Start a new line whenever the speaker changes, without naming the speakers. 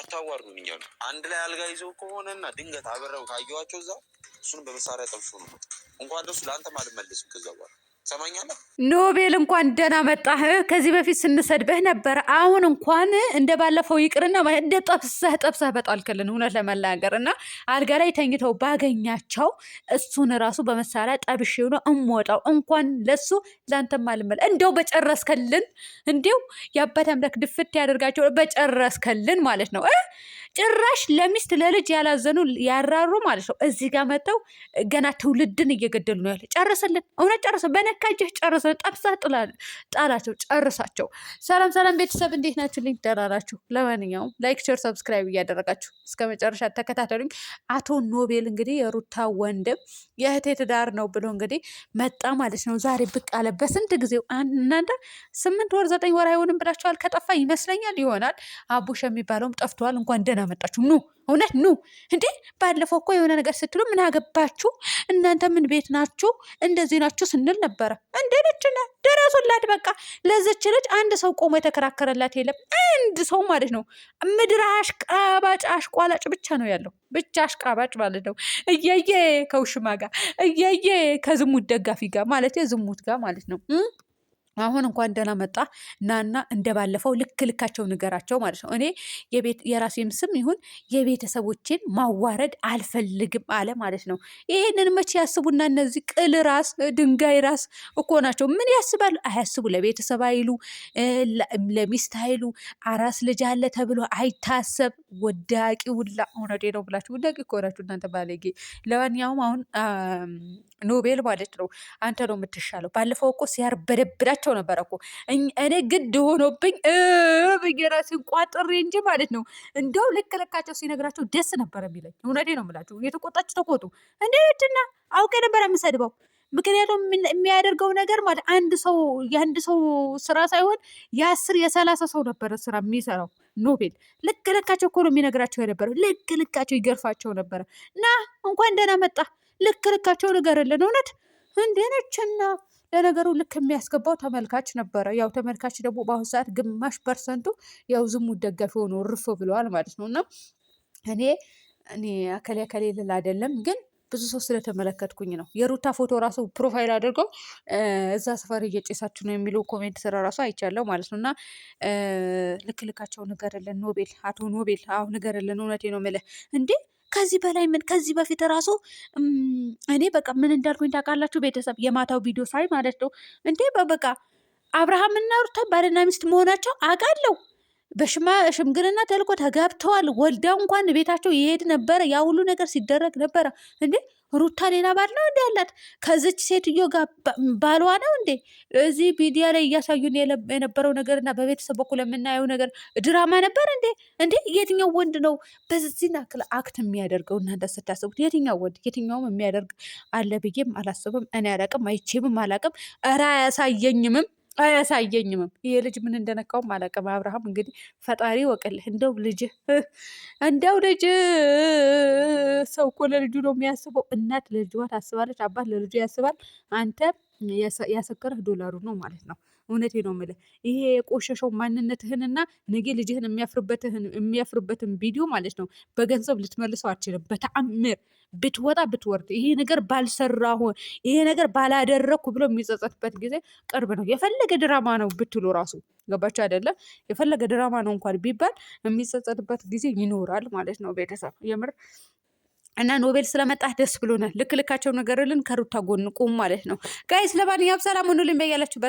አታዋርዱ እኛሉ አንድ ላይ አልጋ ይዘው ከሆነና ድንገት አብረው ካየኋቸው እዛ እሱን በመሳሪያ ጠብሶ ነው እንኳን ደሱ ለአንተም አልመለስም ከዛ በኋላ
ኖቤል እንኳን ደህና መጣህ። ከዚህ በፊት ስንሰድበህ ነበር። አሁን እንኳን እንደ ባለፈው ይቅርና እንደ ጠብሰህ ጠብሰህ በጣልክልን። እውነት ለመናገር እና አልጋ ላይ ተኝተው ባገኛቸው እሱን ራሱ በመሳሪያ ጠብሽ ነው እምወጣው። እንኳን ለሱ ለአንተም አልመለ እንደው በጨረስከልን፣ እንዲው የአባት አምላክ ድፍት ያደርጋቸው በጨረስከልን ማለት ነው። ጭራሽ ለሚስት ለልጅ ያላዘኑ ያራሩ ማለት ነው። እዚህ ጋር መጥተው ገና ትውልድን እየገደሉ ነው ያለ። ጨረሰልን። እውነት ጨረሰ በነ ነካጀህ ጨርሰ ጠብሳ ጣላቸው ጨርሳቸው። ሰላም ሰላም ቤተሰብ እንዴት ናችሁ? ልኝ ደራራችሁ። ለማንኛውም ላይክ፣ ሼር፣ ሰብስክራይብ እያደረጋችሁ እስከ መጨረሻ ተከታተሉኝ። አቶ ኖቤል እንግዲህ የሩታ ወንድም የእህቴ ትዳር ነው ብሎ እንግዲህ መጣ ማለት ነው። ዛሬ ብቅ አለ በስንት ጊዜው። እናንተ ስምንት ወር ዘጠኝ ወር አይሆንም ብላችኋል። ከጠፋ ይመስለኛል ይሆናል አቡሽ የሚባለውም ጠፍተዋል። እንኳን ደህና መጣችሁ ኑ እውነት ኑ እንዴ! ባለፈው እኮ የሆነ ነገር ስትሉ ምን አገባችሁ እናንተ ምን ቤት ናችሁ እንደዚህ ናችሁ ስንል ነበረ። እንዴ ልጅ ደረሱላት። በቃ ለዚች ልጅ አንድ ሰው ቆሞ የተከራከረላት የለም። አንድ ሰው ማለት ነው። ምድር አሽቃባጭ አሽቋላጭ ብቻ ነው ያለው። ብቻ አሽቃባጭ ማለት ነው። እየየ ከውሽማ ጋር እየየ ከዝሙት ደጋፊ ጋር ማለት ዝሙት ጋር ማለት ነው። አሁን እንኳን ደህና መጣ ናና እንደባለፈው ልክ ልካቸው ንገራቸው ማለት ነው። እኔ የራሴም ስም ይሁን የቤተሰቦችን ማዋረድ አልፈልግም አለ ማለት ነው። ይህንን መቼ ያስቡና እነዚህ ቅል ራስ ድንጋይ ራስ እኮ ናቸው። ምን ያስባሉ? አያስቡ። ለቤተሰብ አይሉ፣ ለሚስት አይሉ። አራስ ልጅ አለ ተብሎ አይታሰብ። ወዳቂ ውላ ሆነዴ ነው ብላችሁ ወዳቂ እኮ ናችሁ እናንተ ባለጌ። ለማንኛውም አሁን ኖቤል ማለት ነው አንተ ነው የምትሻለው። ባለፈው እኮ ሲያር በደብዳቸው እያልኳቸው ነበረ እኮ እኔ ግድ ሆኖብኝ ብዬ ራሴን ቋጥሬ እንጂ ማለት ነው። እንደው ልክ ልካቸው ሲነግራቸው ደስ ነበር የሚለኝ። እውነቴ ነው የምላችሁ። እየተቆጣች ተቆጡ እንዴ! ድና አውቄ ነበር የምሰድበው ምክንያቱም የሚያደርገው ነገር ማለት አንድ ሰው የአንድ ሰው ስራ ሳይሆን የአስር የሰላሳ ሰው ነበረ ስራ የሚሰራው ኖቤል። ልክ ልካቸው እኮ ነው የሚነግራቸው የነበረ ልክ ልካቸው ይገርፋቸው ነበረ። ና እንኳን ደህና መጣ ልክ ልካቸው ንገርልን እውነት እንዴነችና ለነገሩ ልክ የሚያስገባው ተመልካች ነበረ። ያው ተመልካች ደግሞ በአሁኑ ሰዓት ግማሽ ፐርሰንቱ ያው ዝሙት ደጋፊ ሆኖ ርፍ ብለዋል ማለት ነው እና እኔ እኔ አከሌ አከሌ ልል አይደለም ግን ብዙ ሰው ስለተመለከትኩኝ ነው። የሩታ ፎቶ ራሱ ፕሮፋይል አድርገው እዛ ሰፈር እየጨሳችሁ ነው የሚለው ኮሜንት ስራ ራሱ አይቻለሁ ማለት ነው እና ልክልካቸው ንገርልን ኖቤል፣ አቶ ኖቤል አሁ ንገርልን። እውነቴ ነው የምልህ እንዴ ከዚህ በላይ ምን ከዚህ በፊት ራሱ እኔ በቃ ምን እንዳልኩኝ ታውቃላችሁ? ቤተሰብ የማታው ቪዲዮ ሳይ ማለት ነው እንዴ በበቃ አብርሃምና ሩታ ባልና ሚስት መሆናቸው አውቃለሁ በሽማ ሽምግልና ተልኮ ተጋብተዋል። ወልዳ እንኳን ቤታቸው ይሄድ ነበረ። ያ ሁሉ ነገር ሲደረግ ነበረ እንዴ። ሩታ ሌላ ባል ነው እንዴ ያላት? ከዚች ሴትዮ ጋር ባሏ ነው እንዴ? እዚህ ሚዲያ ላይ እያሳዩን የነበረው ነገር እና በቤተሰብ በኩል የምናየው ነገር ድራማ ነበር እንዴ? እንዴ የትኛው ወንድ ነው በዚህን ያክል አክት የሚያደርገው? እናንተ ስታስቡት የትኛው ወንድ የትኛውም የሚያደርግ አለ ብዬም አላስብም። እኔ አላቅም፣ አይቼምም አላቅም። እረ አያሳየኝምም አያሳየኝምም። ይሄ ልጅ ምን እንደነካውም አላውቅም። አብርሃም እንግዲህ ፈጣሪ ወቅልህ። እንደው ልጅ እንደው ልጅ ሰው እኮ ለልጁ ነው የሚያስበው። እናት ለልጅዋ ታስባለች፣ አባት ለልጁ ያስባል። አንተ ያሰከረህ ዶላሩ ነው ማለት ነው። እውነቴ ነው የምልህ ይሄ የቆሸሸው ማንነትህንና ነገ ልጅህን የሚያፍርበትን ቪዲዮ ማለት ነው በገንዘብ ልትመልሰው አችልም በተአምር ብትወጣ ብትወርድ ይሄ ነገር ባልሰራሁ ይሄ ነገር ባላደረግኩ ብሎ የሚጸጸትበት ጊዜ ቅርብ ነው። የፈለገ ድራማ ነው ብትሉ ራሱ ገባቸው አይደለም? የፈለገ ድራማ ነው እንኳን ቢባል የሚጸጸትበት ጊዜ ይኖራል ማለት ነው። ቤተሰብ የምር እና ኖቤል ስለመጣህ ደስ ብሎናል። ልክ ልካቸው ነገርልን ከሩታ ጎን ቁም ማለት ነው። ጋይስ ለማንኛውም ሰላም ሁኑልኝ በያላችሁበት።